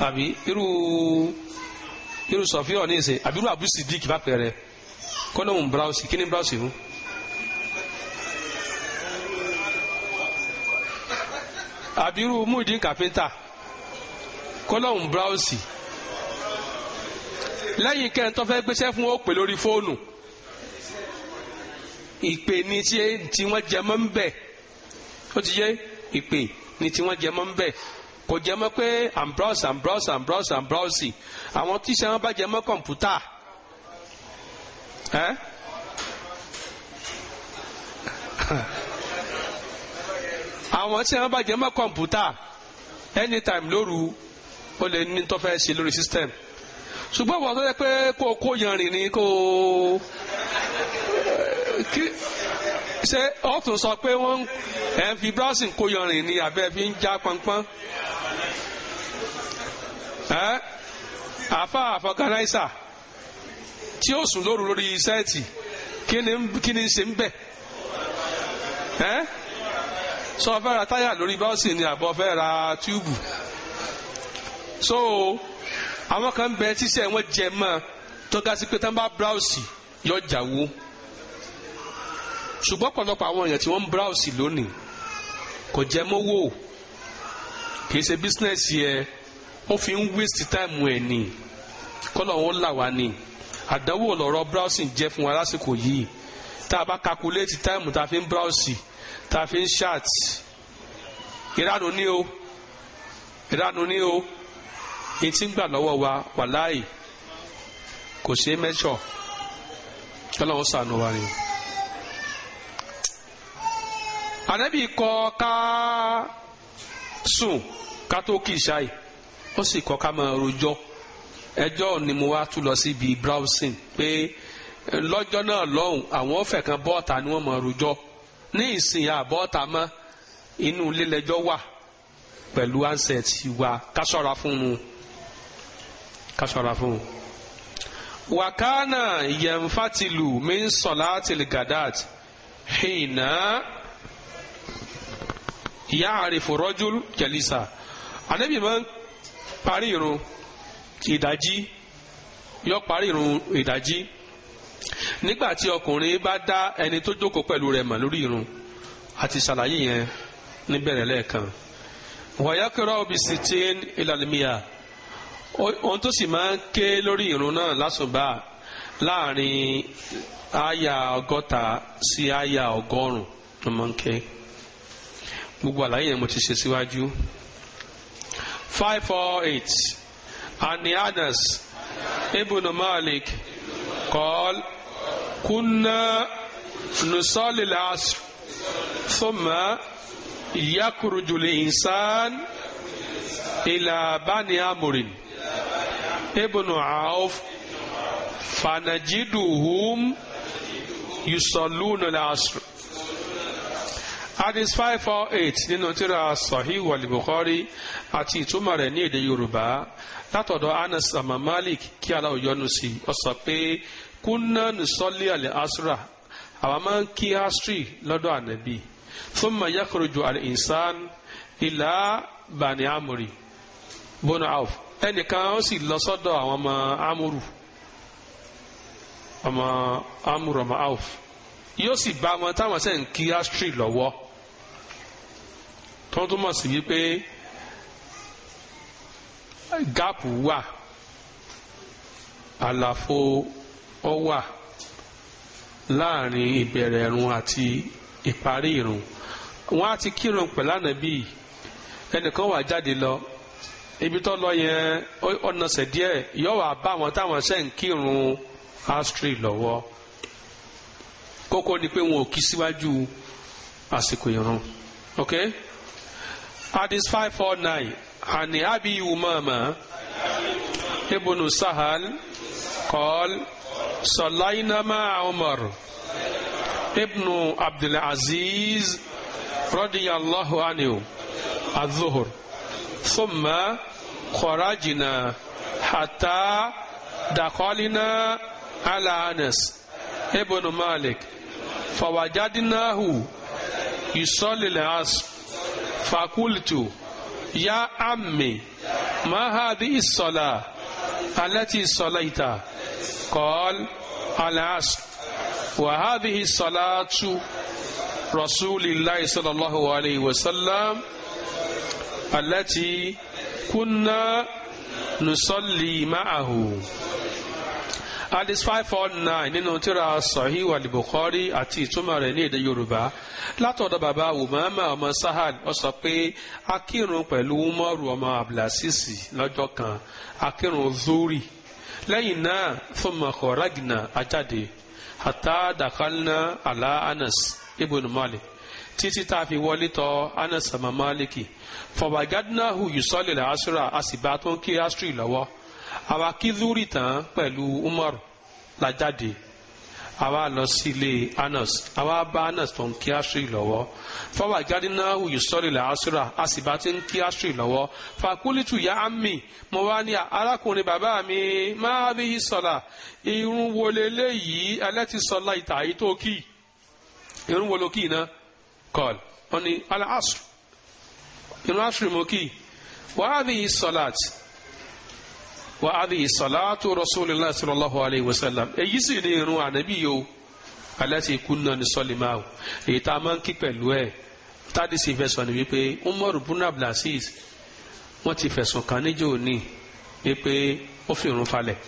àbí irú irú sọfíọ ní ìsè àbí irú àbúsì díìkì bá pẹrẹ kọ́nọ̀mù bíráùsì kí ni bíráùsì fún. àbí irú múìdín kàfíńtà kọ́nọ̀mù bíráùsì lẹ́yìn kẹrin tó fẹ́ gbéṣẹ́ fún ó pè lórí fóònù ìpè ni tí wọ́n jẹ mọ́ ń bẹ̀ ó ti yé ìpè ni tí wọ́n jẹ mọ́ ń bẹ̀ kò jẹ mọ́ pé i'm browse i'm browse i'm browse i'm browse àwọn tíṣà wọn bá jẹ mọ́ kọ̀ǹpútà ẹ́ àwọn tíṣà bá jẹ mọ́ kọ̀ǹpútà anytime lóru ó lè ní tó fẹ́ ṣe lórí system ṣùgbọ́n wọ́n tó yẹ pé kó kó yanrìn ni kó kí ṣé ọ̀tún sọ pé wọ́n ń fi browsing kó yanrìn ni àbẹ́ fi ń já pọnpọ́n àfa àfọgànáísà tí ó sùn lóru lórí sẹ́ẹ̀tì kí ni ṣe ń bẹ̀ sọ fẹ́ ra táyà lórí bọ́ọ̀sì ni àbọ̀ fẹ́ ra túùbù so àwọn kan bẹ tíṣẹ́ wọn jẹ mọ́ tó ga sí pé tán bá bíráùsì yọ jàwó ṣùgbọ́n pọ̀lọpọ̀ àwọn èèyàn tí wọ́n ń bíráùsì lónìí kò jẹ́ mọ́wó kì í ṣe bísínẹ́sì ẹ̀ wọ́n fi ń waste time ẹ̀ ni kọ́lọ̀ wọn là wá ni àdánwò lọ́rọ̀ browsing jẹ́ fún wa lásìkò yìí tá a bá calculate time tá a fi ń browse tá a fi ń chat ìránù ní o ìránù ní o etí ń gbà lọ́wọ́ wa wàláì kò ṣe é mẹ́sọ̀ kọ́lọ̀ wọn sànù wa ni. ànábì kọ́ ká sùn ká tó kì í ṣáì ó sì kọ́ ká máa rojọ́ ẹjọ́ ni mo wá tún lọ síbi browsing pé eh, lọ́jọ́ náà lọ́hùn àwọn ọ̀fẹ́ kan bọ́ọ̀ta ni wọ́n máa rojọ́ ní ìsìn àbọ́ọ̀ta mọ́ inú ilé wà pẹ̀lú ansẹ̀t wa ká ṣọ́ra fún un ká ṣọ́ra fún un. wàkánà yẹnfàtìlù mi ń sọ̀lá tìlgàdàt hìnà yáàrin fòrọ́jú jẹ̀lísà máa ń parí irun ti ìdájí yọ parí irun ìdájí nígbà tí ọkùnrin bá dá ẹni tó jókòó pẹ̀lú rẹ̀ mọ̀ lórí irun àti ṣàlàyé yẹn níbẹ̀rẹ̀ lẹ́ẹ̀kan wàyákẹ́rọ́ òbí sitin ìlànìmíà ohun tó sì máa ń ké lórí irun náà lásùbà láàrin àyà ọgọ́ta sí àyà ọgọ́rùn-ún ló máa ń ké gbogbo àlàyé yẹn mo ti ṣe síwájú. Si 548 عن أنس ابن مالك قال كنا نصلي العصر ثم يخرج الإنسان إلى بني امر ابن عوف فنجدهم يصلون العصر hadith five four eight nínú tírà sahih wal-Bukhari àti ìtumọ̀ rẹ̀ ní èdè yorùbá látọ̀dọ̀ anas ama malik kí aláwọ̀ yọ́nú sí ọ sọ pé kunna nusalli al-asra àwọn máa ń kí asri lọ́dọ̀ ànábì thumma yakhruju al-insan ila bani amuri bonu auf ẹnìkan ó sì lọ sọ́dọ̀ àwọn ọmọ amuru ọmọ amuru ọmọ auf yóò sì bá wọn táwọn sẹ́ kí asri lọ́wọ́ tó túmọ̀ sí wípé gáàpù wà àlàfo ọ wà láàrin ìbẹ̀rẹ̀ ìrun àti ìparí ìrun wọn á ti kírun pẹ̀lú ànábì ẹnìkan wà jáde lọ ibi tó lọ yẹn ọ̀nàṣẹ̀ díẹ̀ yóò wá bá àwọn táwọn ṣe ń kírun astri lọ́wọ́ kókó ni pé wọn ò kí síwájú àsìkò ìrun ok. Hadith 549 عن أبي أمامة ابن سهل قال صلينا مع عمر ابن عبد العزيز رضي الله عنه الظهر ثم خرجنا حتى دخلنا على أنس ابن مالك فوجدناه يصلي العصر فقلت يا عمي ما هذه الصلاة التي صليت قال العصر وهذه صلاة رسول الله صلى الله عليه وسلم التي كنا نصلي معه alice five four nine nínú tíra sahih al-bukhari àti ìtumọ̀ rẹ̀ ní èdè yorùbá látọ̀dọ̀ bàbá umama ọmọ sahad ó sọ pé akírun pẹ̀lú umaru ọmọ abdulasisi lọ́jọ́ kan akírun zuri lẹ́yìn náà thumma kharajna ajáde hatta dakhalna ala anas ibn malik títí tá a fi wọlé tọ̀ anas ọmọ maliki fọwọ́gádínà hù yusalli asra àsìbá tó ń kí asiri lọ́wọ́ àwa kí zuri tán pẹ̀lú Umar la jáde àwa lọ sí ilé Anas àwa bá Anas tó ń kí asiri lọ́wọ́ fáwọn àjáde náà òye sọ́ọ̀lì làásùrà a sì bá ti ń kí asiri lọ́wọ́ fàkúlìtù ya ami mo wá ní arákùnrin bàbá mi máa bí sọ̀la irun wo leléyìí ẹlẹ́tì sọ̀la ìtà yìí tó kì í irun wo ló kì í ná kọ́ọ̀lù wọn ni alásù irun asiri mo kì í wàá bí sọ̀la àti wa adi salatu rasulillah sallallahu alayhi wa sallam èyí sì ni irun ànábì yìí o alẹ́sì kunna ni sọlímà o èyí tá a máa ń kí pẹ̀lú ẹ̀ tádì sì fẹ̀sọ̀ ni wípé Umar ibn Abdulaziz wọ́n ti fẹ̀sùn kàn níjọ́ òní wípé ó fi irun falẹ̀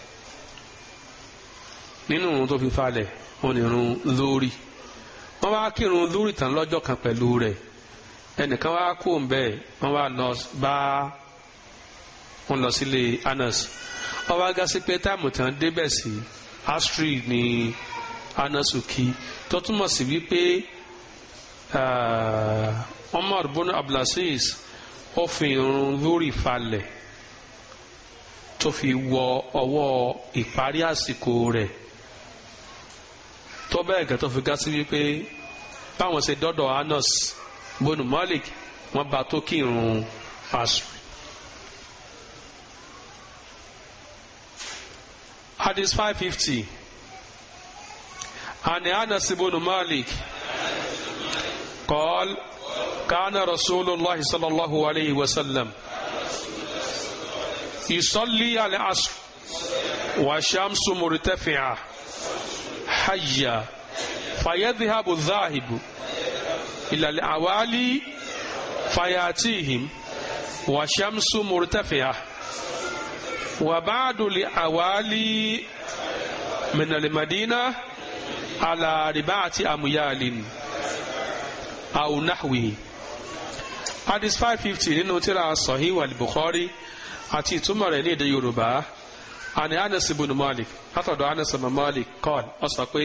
nínú irun tó fi falẹ̀ ó ní irun lórí wọ́n wá kírun lórí tán lọ́jọ́ kan pẹ̀lú rẹ̀ ẹnìkan wá kó ń bẹ́ẹ̀ wọ́n wá lọ bá wọ́n lọ sílé Anas ọwọ́ agasi pé táàmù tán débẹ̀ sí astri ní Anas kí tó túmọ̀ sí wípé Omar bono abdulaziz ó fi irun lórí falẹ̀ tó fi wọ ọwọ́ ìparí àsìkò rẹ̀ tó bẹ́ẹ̀ gẹ́ tó fi gá sí wípé báwọn ṣe dọ́dọ̀ Anas bono Malik wọ́n bá tó kírun asùn. Hadith 550. عن أنس بن مالك قال كان رسول الله صلى الله عليه وسلم يصلي على العصر والشمس مرتفعة حية فيذهب الذاهب إلى العوالي فيأتيهم والشمس مرتفعة وبعد لأوالي من المدينة على رباعة أميال أو نحوه hadith five fifty nínú tírà sahih al-bukhari àti ìtumọ̀ rẹ̀ ní èdè yorùbá àni anas ibn malik látọ̀dọ̀ anas ibn malik kọ́ọ̀l ọ sọ pé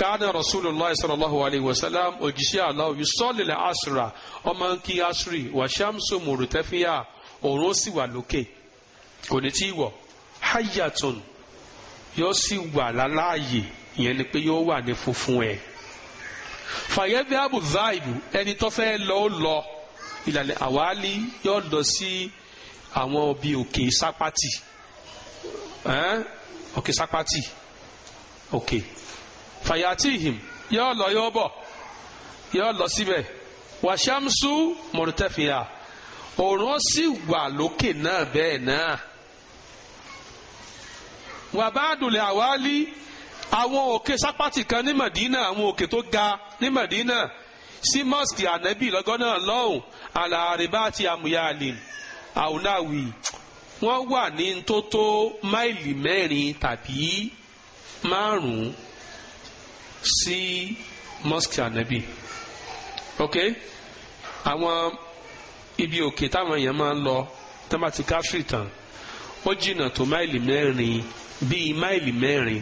káàdà rasulillah sallallahu alayhi wa sallam òjíṣẹ́ aláwọ̀ yìí sọ́ọ̀lì asra ọmọ nkí asri wàṣàmùsùn mùrùtẹ́fíà òun ó sì wà lókè kò ní tí ì wọ̀ hayatun yóò sì wà láláàyè ìyẹn ni pé yóò wà ní funfun ẹ̀ fàyẹ́bí abuzaibu ẹni tó fẹ́ lọ ó lọ ìlànà àwálí yóò lọ sí àwọn bíi òkè sápátì òkè sápátì òkè fàyàtìhìm yóò lọ yóò bọ̀ yóò lọ síbẹ̀ wàṣàmṣu mọ̀rùtẹ́fìyà òòrùn sì wà lókè náà bẹ́ẹ̀ náà wàbáàdùlẹ̀ àwálí àwọn òkè sápátì kan ní Madina àwọn òkè tó ga ní Madina sí mosque ànábì lọ́gọ́ náà lọ́hùn àlàárẹ̀bá àti àmúyálì àwùláwì wọ́n wà ní tó tó máìlì mẹ́rin tàbí márùn-ún sí mosque ànábì ok àwọn ibi òkè táwọn èèyàn máa ń lọ tẹ́mbà ti káfíìrì ó jìnnà tó máìlì mẹ́rin bíi máìlì mẹ́rin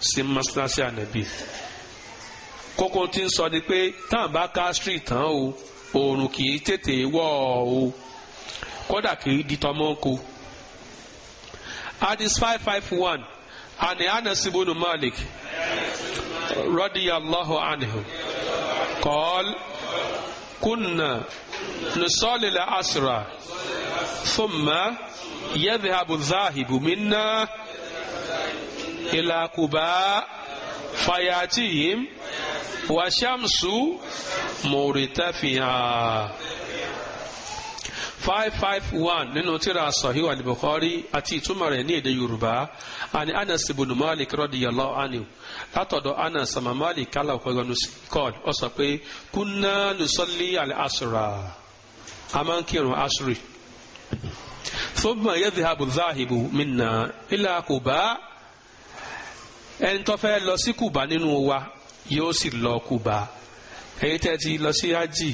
sí mọ́sálásí ànábì kókó tí ń sọ ni pé tá à ń bá ká street tán o oòrùn kì í tètè wọ̀ o kódà kì í di tọmọ ńkọ́. hadith five five one ani Anas ibn Malik radiyallahu anhu qal kunna nusalli al-asra thumma yadhhabu adh minna. إلى قباء فيأتيهم وشمس مرتفعة 551 nínú tíra sahih al-bukhari àti ìtumọ̀ rẹ̀ ní èdè yorùbá àni anas ibn malik radiyallahu anhu látọ̀dọ̀ anas ama malik alákọ̀ọ́gbọ̀n kọ́d ọ sọ pé kunna nusalli al-asra a máa ń kírun asri thumma yadhhabu minna ila quba ẹni tó fẹ́ lọ sí Kùbá nínú wa yóò sì lọ Kùbá èyí tẹ́ ti lọ sí ájì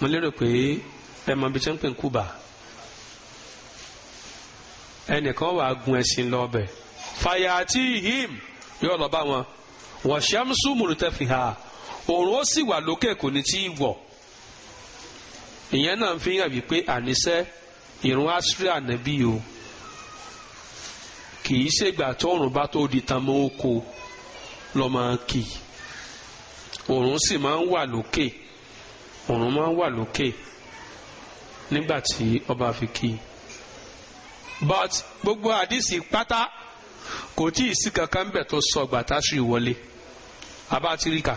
mo lérò pé ẹ mọ ibi tí wọ́n pè ń Kùbá ẹnìkan wàá gun ẹṣin lọ bẹ̀ fàyàtì him yóò lọ bá wọn wọ̀ṣẹ́mùsù mùrùtẹ́fìhà òòrùn ó sì wà lókè kò ní tí ì wọ̀ ìyẹn náà fi hàn wípé àníṣe ìrún àṣírí ànábì o kì í ṣègbà tó òrùn bá tó di tán mọ́ oko lọ́ máa kì í òrùn sì máa ń wà lókè òrùn máa ń wà lókè nígbà tí ọba fi kì í but gbogbo àdìsí pátá kò tí ì sí kankan bẹ̀ tó sọ gbàtà sí ìwọlé abátíríkà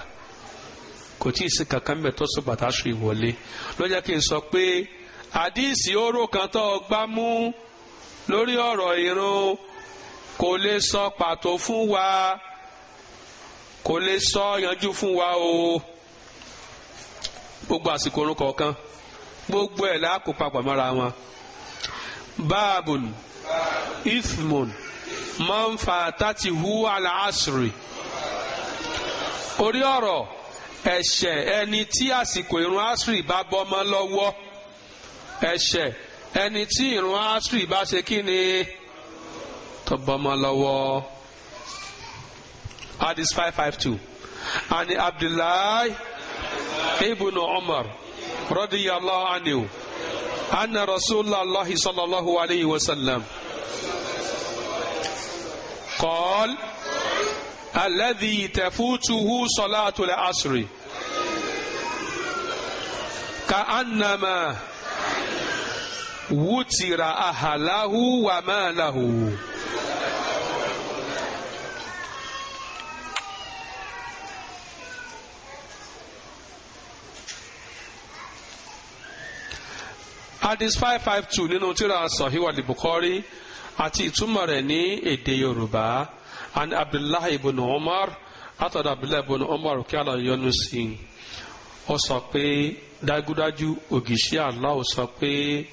kò tí ì sí kankan bẹ̀ tó sọ gbàtà ìwọlé ló kí n sọ pé àdìsí oró kan tó gbá lórí ọ̀rọ̀ ìrun kò lè sọ pàtó fún wa kò lè sọ yanjú fún wa o gbogbo àsìkò orun kọ̀ọ̀kan gbogbo ẹ̀ láàkó papọ̀ mọ́ra wọn. báàbùn ifmun máa ń fa tàti hu aláàsìrì orí ọ̀rọ̀ ẹ̀ṣẹ̀ ẹni tí àsìkò irun àsìrì bá bọ́ mọ́ lọ́wọ́ ẹ̀ṣẹ̀ ẹni tí irun àsìrì bá ṣe kí ni. تبملوا Hadith 552 عن Abdullah Ibn Umar عمر رضي الله عنه أن رسول الله صلى الله عليه وسلم قال الذي تفوته صلاة العصر كأنما وتر أهله وماله hadith five five two nínú tírà sahiwa libukori àti ìtumọ̀ rẹ̀ ní èdè yorùbá and abdullahi ibn umar atọ́dọ̀ abdullahi ibn umar kí Allah yọ́nú sí i ó sọ pé dájúdájú ògìṣẹ́ Allah ó sọ pé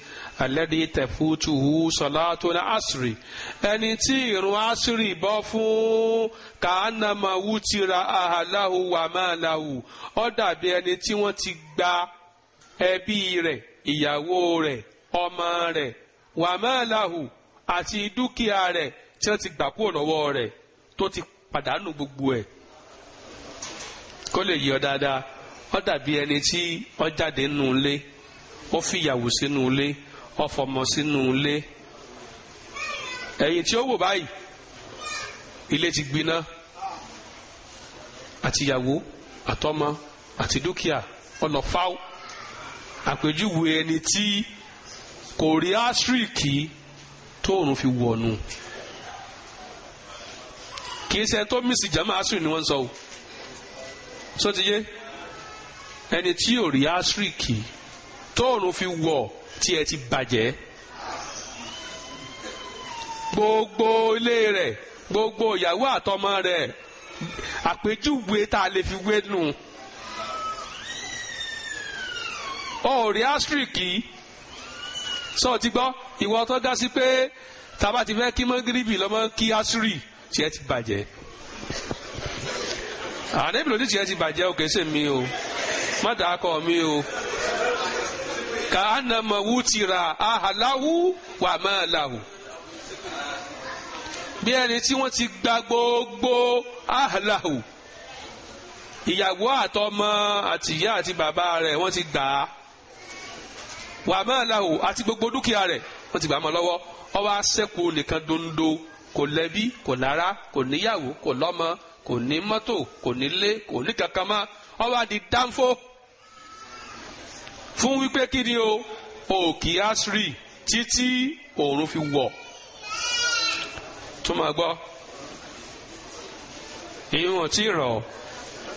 alẹ́dí tẹ̀fútuhu salatul asri ẹni tí ìrun asri bọ́ fún kàánàmà wútira ahalahu wàmálahu ó dàbí ẹni tí wọ́n ti gba ẹbí rẹ̀ ìyàwó rẹ̀ ọmọ rẹ̀ wàmẹ́ẹ̀láhù àti dúkìá rẹ̀ tí wọ́n ti gbà kúrò lọ́wọ́ rẹ̀ tó ti pàdánù gbogbo ẹ̀ kó lè yí ọ dáadáa ó dàbí ẹni tí ó jáde nínú ilé ó fi ìyàwó sínú ilé ó fọmọ sínú ilé ẹ̀yìn tí ó wò báyìí ilé ti gbiná àtìyàwó àtọmọ àti dúkìá ó fáwọn àpèjúwe ẹni tí kò rí áṣíríkì tóòrùn fi wọ̀nù kì í ṣe tó mísì jama áṣírí ni wọ́n sọ o sọ ti yé ẹni tí ò rí áṣíríkì tóòrùn fi wọ̀ tí ẹ ti bàjẹ́ gbogbo ilé rẹ̀ gbogbo ìyàwó àtọmọ rẹ̀ àpèjúwe tá a lè fi wé nù. No ó rí áṣíríkì sọ ti gbọ́ ìwọ tó ga sí pé tàbá ti fẹ́ kí mọ́gírìbì lọ́mọ kí áṣírí tiẹ̀ ti bàjẹ́ àdébìlò ní tiẹ̀ ti bàjẹ́ o sè mi o má dàá mi o kà á nà mọ̀ ra àhàláwú wà má làwù bí ẹni tí wọ́n ti gba gbogbo àhàláwù ìyàwó àtọmọ àtìyá àti bàbá rẹ̀ wọ́n ti gbà á wà máa la o àti gbogbo dúkìá rẹ̀ wọ́n ti gbà mọ́ lọ́wọ́ ó wá ṣẹ́kù nìkan dondo kò lẹ́bí kò lára kò níyàwó kò lọ́mọ kò ní mọ́tò kò nílé kò ní kankan mọ́ ó wá di dánfó fún wípé kí ni o òkè asiri títí oòrùn fi wọ̀ tó máa gbọ́ ìwọ̀n tí rọ̀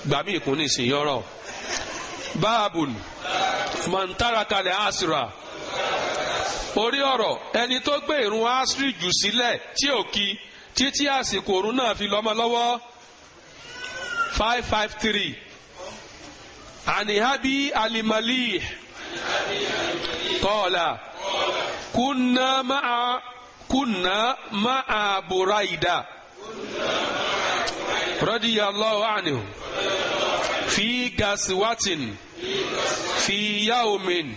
gbàmí ìkùn ní ìsìn yọ̀rọ̀ báàbùnù. mọ̀ntàràkàlẹ̀ àṣírà orí ọ̀rọ̀ ẹni tó gbé ìrun àṣírí jù sílẹ̀ tí ò kí títí àsìkò òrun náà fi lọ́mọ lọ́wọ́ five five three anihabi alimali kọ́ọ̀là kunna ma'a kunna ma'a buraida radiyallahu anhu fi gaswatin. في يوم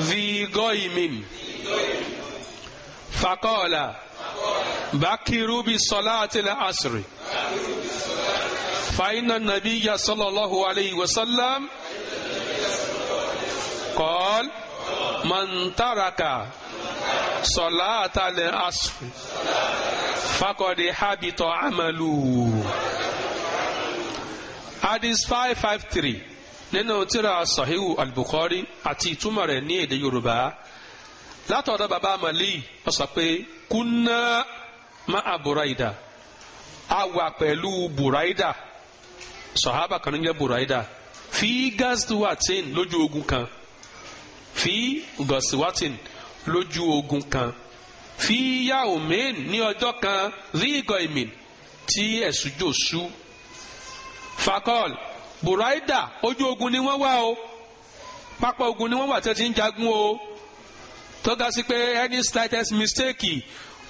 ذي قيم فقال بكروا بصلاة العصر فإن النبي صلى الله عليه وسلم قال من ترك صلاة العصر فقد حبط عمله حديث 553 nínú tíra sahihu al-bukhari àti ìtumọ̀ rẹ̀ ní èdè yorùbá látọ̀dọ̀ baba mali ó sọ pé kunna ma'a buraida a wà pẹ̀lú buraida sọ̀hábà kan ń jẹ́ buraida fi gaswatin lójú ogun kan fi gaswatin lójú ogun kan fi yaomin ní ọjọ́ kan rí ìgọ̀ ìmìn ẹ̀sùn jò sú Buraida ojú ogun ni wọ́n wà o pápá ogun ni wọ́n wà tẹ́ ń jagun o tó sí pé any slightest mistake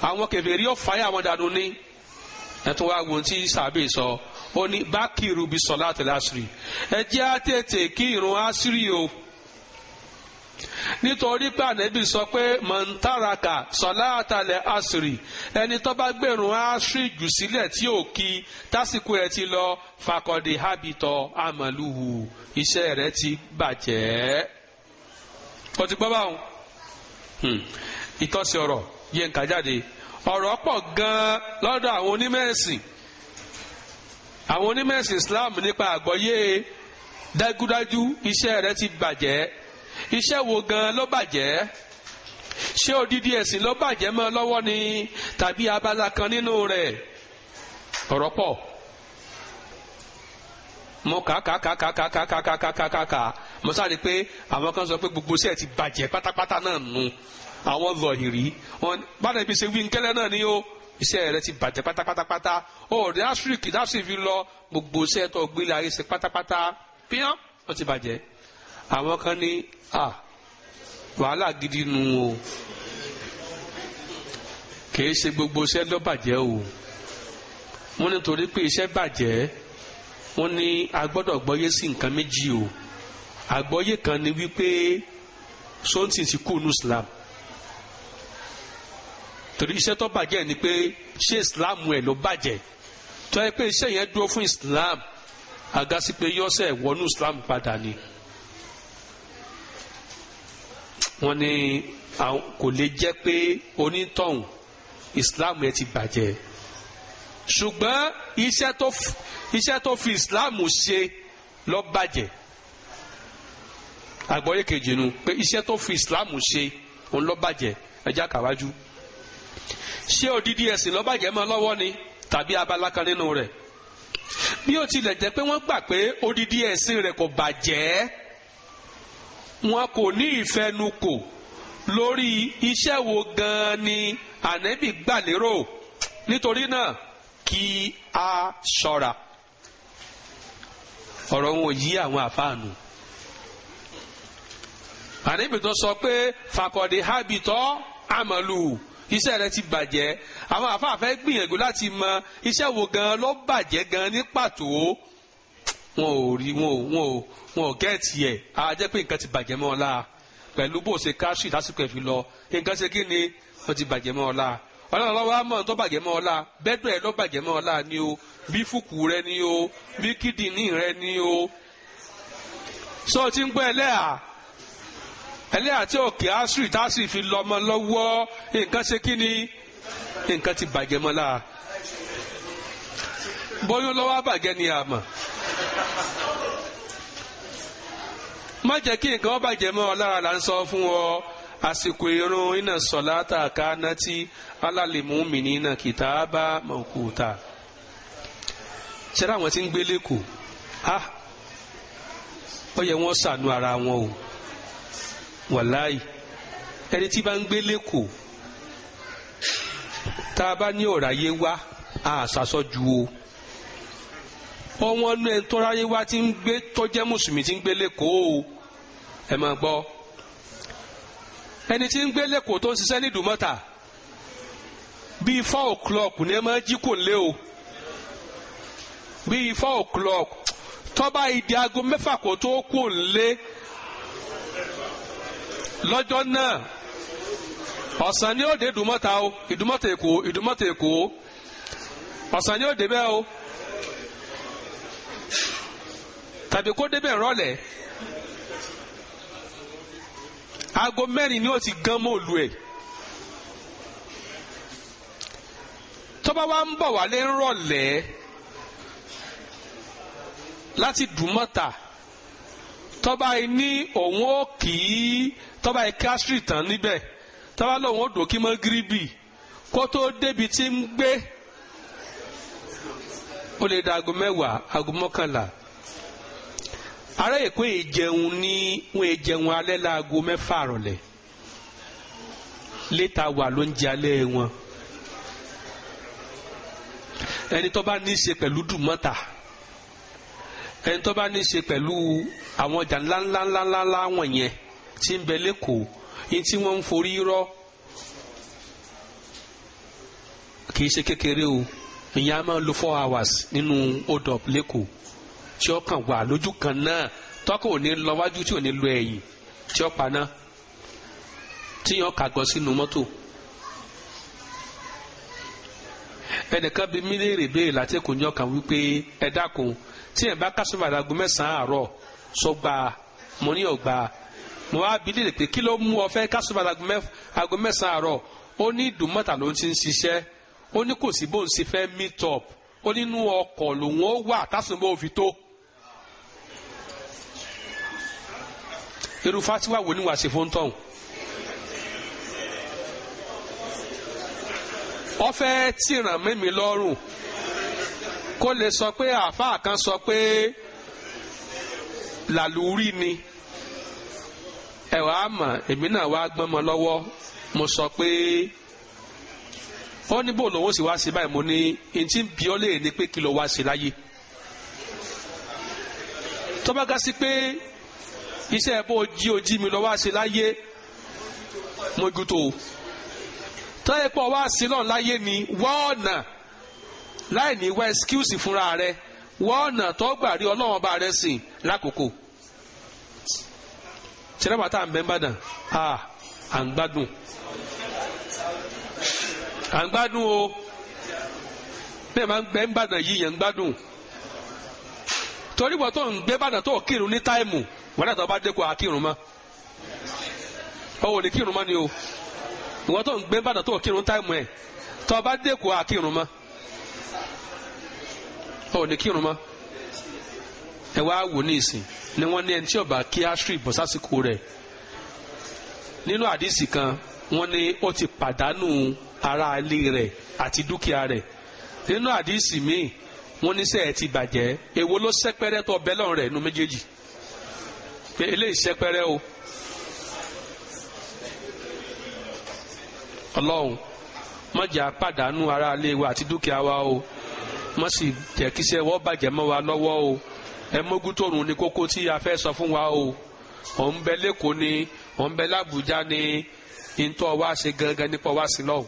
àwọn kèfèrí yóò fàyà àwọn dànù ni ẹtún wá wo tí sàbẹ̀ sọ ó ní bákìrù bí sọ̀láàtì lásìrì ẹ jẹ́ àtẹ̀tẹ̀ kí ìrun àṣírí o nítorí pé ànábì sọ pé mọ̀ntàràkà sọlá àtàlẹ̀ àṣírí ẹni tó bá gbèrún àṣírí jù sílẹ̀ tí ò kí tásìkò rẹ̀ ti lọ fàkọ̀dé hábitọ̀ àmàlùwù iṣẹ́ rẹ̀ ti bàjẹ́. ó ti gbọ́ báwọn hmm. ìtọ́sí ọ̀rọ̀ yẹ ń kà jáde ọ̀rọ̀ pọ̀ gan-an lọ́dọ̀ àwọn onímẹ̀sìn àwọn onímẹ̀sìn Islam nípa àgbọ́yé dájúdájú iṣẹ́ rẹ̀ ti bàjẹ́ iṣẹ́ wo gan ló bàjẹ́ ṣé odidi ẹ̀sìn ló bàjẹ́ mọ́ lọ́wọ́ ni tàbí abala kan nínú rẹ̀ ọ̀rọ̀ pọ̀ mo kà kà kà kà kà kà kà kà kà kà kà kà mo sáré pé àwọn kan sọ pé gbogbo iṣẹ́ ti bàjẹ́ pátápátá náà nù àwọn lọ́hìrì wọn bàdàn ibi ṣe wí nkẹ́lẹ́ náà ni ó iṣẹ́ rẹ ti bàjẹ́ pátápátápátá ó rí asúrìkì láti fi lọ gbogbo iṣẹ́ tó gbélé ayé ṣe pátápátá píọ́n ó ti bàjẹ́ àwọn kan ní à wàhálà gidi nu o kìí ṣe gbogbo iṣẹ́ ló bàjẹ́ o wọ́n ní torí pé iṣẹ́ bàjẹ́ wọ́n ní a gbọ́dọ̀ sí nǹkan méjì o àgbọ́yé kan ni wípé sóńtì ti kú nu Islam torí iṣẹ́ tó bàjẹ́ ni pé ṣé Islam ẹ̀ ló bàjẹ́ tó yẹ pé iṣẹ́ yẹn dúró fún Islam àgàsí pé yọ́sẹ̀ wọnú Islam padà ni wọ́n ní kò lè jẹ́ pé onítọ̀hún islam ẹ ti bàjẹ́ ṣùgbọ́n iṣẹ́ tó iṣẹ́ tó fi islam ṣe ló bàjẹ́ àgbọ́yé kejì nu pé iṣẹ́ tó fi islam ṣe òun ló bàjẹ́ ẹja kàwájú ṣé odidi ẹ̀sìn ló bàjẹ́ mọ́ lọ́wọ́ ni tàbí abala nínú rẹ̀ bí ó tilẹ̀ jẹ́ pé wọ́n gbà pé odidi ẹ̀sìn rẹ̀ kò bàjẹ́ wọn kò ní ìfẹnukò lórí iṣẹ́ wo gan-an ni ànẹ́bì gbà lérò nítorí náà kí a ṣọ́ra ọ̀rọ̀ wọn ò yí àwọn àfáànù ànẹ́bì tó sọ pé fàkọ̀dé hábitọ́ àmọ̀lù iṣẹ́ rẹ ti bàjẹ́ àwọn àfáàfẹ́ gbìyànjú láti mọ iṣẹ́ wo gan-an ló bàjẹ́ gan-an ní pàtó wọn ò rí wọn ò wọn ò wọn ò gẹ́ẹ̀tì ẹ̀ á jẹ́ pé nǹkan ti bàjẹ́ mọ́ ọ la pẹ̀lú bó ṣe káṣù ìdásíkò ẹ̀ fi lọ nǹkan ṣe kí ni wọ́n ti bàjẹ́ mọ́ ọ la ọlọ́run lọ́wọ́ á mọ̀ tó bàjẹ́ mọ́ ọ la bẹ́ẹ̀dọ̀ ẹ̀ lọ́ bàjẹ́ mọ́ ọ la ni o bí fùkù rẹ ni o bí kídìní rẹ ni o sọ ti ń gbọ́ ẹlẹ́à ẹlẹ́à tí òkè áṣù ìdásí fi lọ́mọ lọ́wọ́ nǹkan ṣe kí ni nǹkan ti bàjẹ́ mọ́ la bóyá lọ́wọ́ bàjẹ́ ni àmọ́. má jẹ́ kí nǹkan bàjẹ́ mọ́ ọ lára là ń sọ fún ọ àsìkò irun iná sọ̀láta kanati alal mu'minina kitaba mawquta ṣẹ́ra àwọn tí ń gbé lẹ́kọ̀ọ́ ah ó yẹ wọ́n sànú ara wọn o wàláì ẹni tí bá ń gbé lẹ́kọ̀ọ́ tá a bá ní ọ̀ráyé wá a sàsọ́jú o. ọmọ inú ẹni tó ráyé wá ti ń gbé tó jẹ́ mùsùlùmí ti ń gbé lẹ́kọ̀ọ́ ẹ máa gbọ́ ẹni tí ń gbé lẹ́kọ̀ọ́ tó ń ṣiṣẹ́ ní ìdùmọ́ta bíi four o'clock ní ẹ máa jí kò lé o bíi four o'clock tọ́ba ìdí aago mẹ́fà kò tó kò lé lọ́jọ́ náà ọ̀sán ni ó o ìdùmọ́ta èkó ìdùmọ́ta èkó ọ̀sán ni ó bẹ́ẹ̀ o. tàbí kó débẹ̀ rọlẹ̀ aago mẹ́rin ni ó ti gán mọ́ òlu ẹ̀ tọ́ba wa ń bọ̀ wálé ń rọ̀lẹ́ láti dùmọ́ta tọ́ba yìí ní òun ó kì í tọ́ba yìí káṣírì tán níbẹ̀ tọ́ba lòun ó dò kí mọ́ gíríbì kó tó débi tí ń gbé ó lè da aago mẹ́wàá aago mọ́kànlá ará èkó yìí jẹun ní wọn yìí jẹun alẹ́ láago mẹ́fà rọ̀lẹ́ létà wà ló ń jẹ alẹ́ wọn ẹni tó bá ní í ṣe pẹ̀lú dùmọ́ta ẹni tó bá ní í ṣe pẹ̀lú àwọn ọjà ńláńláńláńlá wọ̀nyẹn tí ń bẹ lẹ́kọ̀ọ́ yìí tí wọ́n ń forí rọ́ kì í ṣe kékeré o ìyá máa ń lo four hours nínú hold up lẹ́kọ̀ọ́ tí ó kàn wà lójú kan náà tọ́kọ̀ ò ní lọ wájú tí ò ní lọ ẹ̀yìn tí ó paná tíyàn kàgọ́ sínú mọ́tò. ẹnìkan bíi mílíọ̀nù béèrè láti èkó ní ọkàn wípé ẹ dákun tí ẹ̀ bá kásù bàdàgùn mẹ́sàn-án àárọ̀ sọgbà mo ní ọgbà mo wá bi léèrè pé kí ló mú ọ fẹ́ kásù bàdàgùn mẹ́sàn-án àárọ̀ ó ní ìdùnmọ́ta ló ti ń ṣiṣẹ́ ó ní kò sí bóun ṣe fẹ́ meet up ó nínú ọkọ̀ lòun ó wà tásùnbó òfin tó. irú fatiwa wo ni wàá ṣe fóńtọ́hún. ọfẹ tìràn mímí lọ́rùn kó lè sọ pé àáfàá kan sọ pé làlùrí ni ẹ á mọ̀ èmi náà wàá gbọ́n mọ́ lọ́wọ́ mo sọ pé ó ní bò lòun sì wá sí báyìí mo ní ntí ń bí ọ lè ní pé kí ló wá sí láyé tọ́ba ga sí pé. iṣẹ́ bụ jí ojí mi lọ wá ṣe láyé mojútó tọ́yẹ̀pọ̀ wá sí náà láyé ni wá ọ̀nà láì ní wá ẹ́skíùsì fúnra rẹ wá ọ̀nà tó gbà rí ọlọ́wọ́n bá rẹ sìn lákòókò tá à ń o bẹ́ẹ̀ máa ń bẹ́ ń bàdàn yìí yẹn ń gbádùn torí gbọ́dọ̀ tó bá dẹ́kun àkírun mọ́ ọwọ́ ní kírun mọ́ ni o ìwọ́n tó ń gbé bàtà tó kírun táìmù ẹ̀ tó bá dẹ́kun àkírun mọ́ ọwọ́ ní kírun mọ́ ẹ wá wò ní ìsìn ni wọ́n ní ẹni tí ọba kí ashri bọ̀ sásìkò rẹ̀ nínú àdìsí kan wọ́n ní ó ti pàdánù ara ilé rẹ̀ àti dúkìá rẹ̀ nínú àdìsí mi, wọ́n ní sẹ́ẹ̀ ti bàjẹ́ èwo ló sẹ́pẹ́rẹ́ tó ọbẹ̀ lọ́rùn rẹ̀ nínú méjèèjì. pé eléyìí ṣẹpẹrẹ o ọlọ́run má jà pàdánù ara ilé wa àti dúkìá wa o má sì jẹ́ kíṣẹ́ wọ́n bàjẹ́ wa lọwọ o ẹ mógún tòrùn ní kókó tí a fẹ sọ fún wa o òun bẹ lẹ́kọ̀ọ́ ni òun bẹ ni ntọ́ wa ṣe gangan nípa wa sí lọ́wọ́.